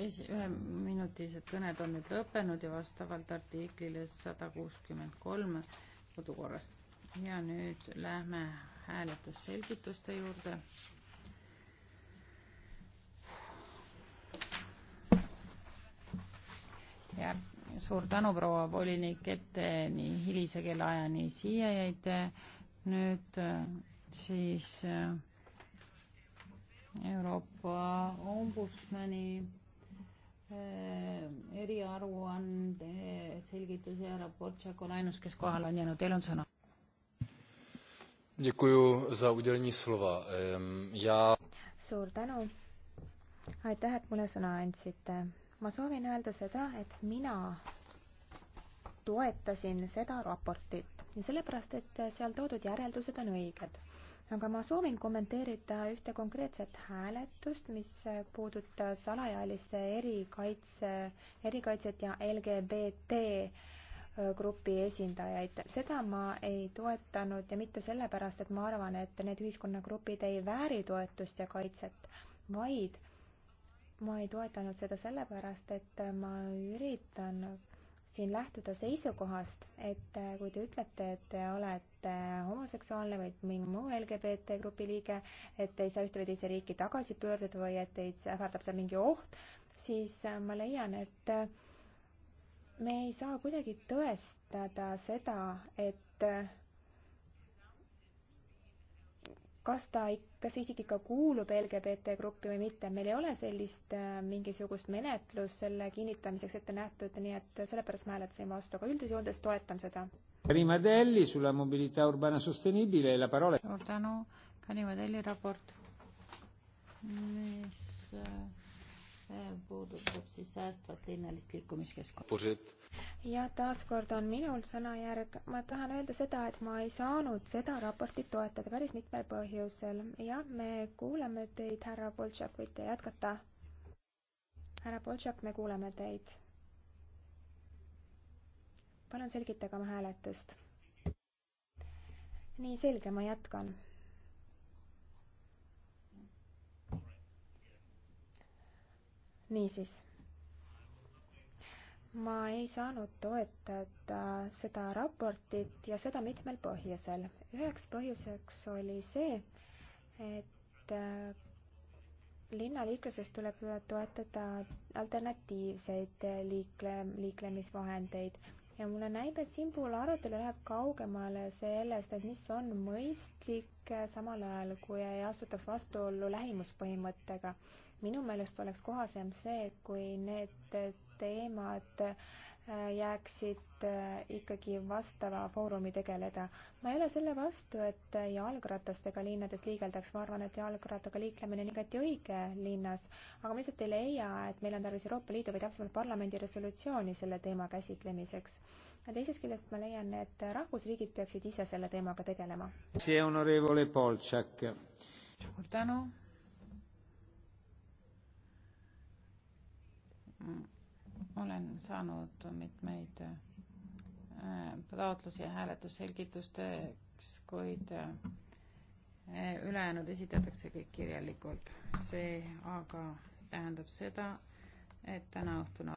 esi-, üheminutilised kõned on nüüd lõppenud ja vastavalt artiklile sada kuuskümmend kolm kodukorrast. ja nüüd lähme hääletusselgituste juurde. ja suur tänu, proua volinik, et te nii hilise kellaajani siia jäite. nüüd äh, siis äh, Euroopa ombudsmani Äh, eriaruande selgitus ja raport Tšako Lainus, kes kohale on jäänud, teil on sõna. Ja... suur tänu, aitäh, et mulle sõna andsite. ma soovin öelda seda, et mina toetasin seda raportit ja sellepärast, et seal toodud järeldused on õiged aga ma soovin kommenteerida ühte konkreetset hääletust, mis puudutas alaealiste erikaitse, erikaitset ja LGBT äh, grupi esindajaid. seda ma ei toetanud ja mitte sellepärast, et ma arvan, et need ühiskonnagrupid ei vääri toetust ja kaitset, vaid ma ei toetanud seda sellepärast, et ma üritan siin lähtuda seisukohast, et äh, kui te ütlete, et te olete homoseksuaalne või mingi muu LGBT grupi liige, et te ei saa ühte või teise riiki tagasi pöörduda või et teid ähvardab seal mingi oht, siis äh, ma leian, et äh, me ei saa kuidagi tõestada seda, et kas ta ikka, kas isik ikka kuulub LGBT gruppi või mitte, meil ei ole sellist äh, mingisugust menetlust selle kinnitamiseks ette nähtud, nii et sellepärast ma hääletasin vastu, aga üldjoontes toetan seda. Karima Delli sulla mobilità urbana sostenibile la parola. suur tänu, Karima Delli raport, mis äh, see puudutab siis säästvat linnalist liikumiskeskkonda. ja taaskord on minul sõnajärg. ma tahan öelda seda, et ma ei saanud seda raportit toetada päris mitmel põhjusel. jah, me kuuleme teid, härra Boltšak, võite jätkata. härra Boltšak, me kuuleme teid. palun selgitage oma hääletust. nii, selge, ma jätkan niisiis, ma ei saanud toetada seda raportit ja seda mitmel põhjusel. üheks põhjuseks oli see, et äh, linnaliikluses tuleb toetada alternatiivseid liikle, liiklemisvahendeid ja mulle näib, et siinpool arutelu läheb kaugemale sellest, et mis on mõistlik eh, samal ajal, kui ei astutaks vastuollu lähimuspõhimõttega. minu meelest oleks kohasem see, kui need teemad äh, jääksid äh, ikkagi vastava foorumi tegeleda. ma ei ole selle vastu, et jalgratastega linnades liigeldaks, ma arvan, et jalgrattaga liiklemine on igati õige linnas, aga ma lihtsalt ei leia, et meil on tarvis Euroopa Liidu või täpsemalt parlamendi resolutsiooni selle teema käsitlemiseks. ja teisest küljest ma leian, et rahvusriigid peaksid ise selle teemaga tegelema. see on Orevole Poltšak. suur tänu olen saanud mitmeid äh, taotlusi hääletusselgitusteks, kuid äh, ülejäänud esitatakse kõik kirjalikult. see aga tähendab seda, et tänaõhtune